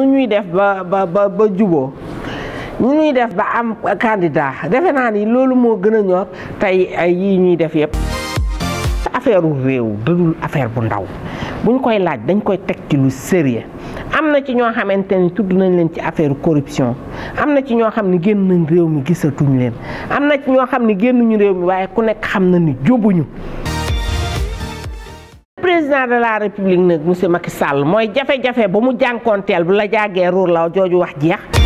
su ñuy def ba ba ba ba juboo ñu ñuy def ba am candidat defe naa ni loolu moo gën a ñor tey ay yii ñuy def yëpp. affaire réew dadul affaire bu ndaw buñ koy laaj dañ koy teg ci lu sérieux am na ci ñoo xamante ni tudd nañ leen ci affaire corruption am na ci ñoo xam ne génn nañ réew mi gisatuñu leen am na ci ñoo xam ne génnuñu réew mi waaye ku nekk xam na ni jóbuñu président de la république nag monsieur Macky Sall mooy jafe-jafe ba mu jànkoonteel bu la jàggee ruur law jooju wax jeex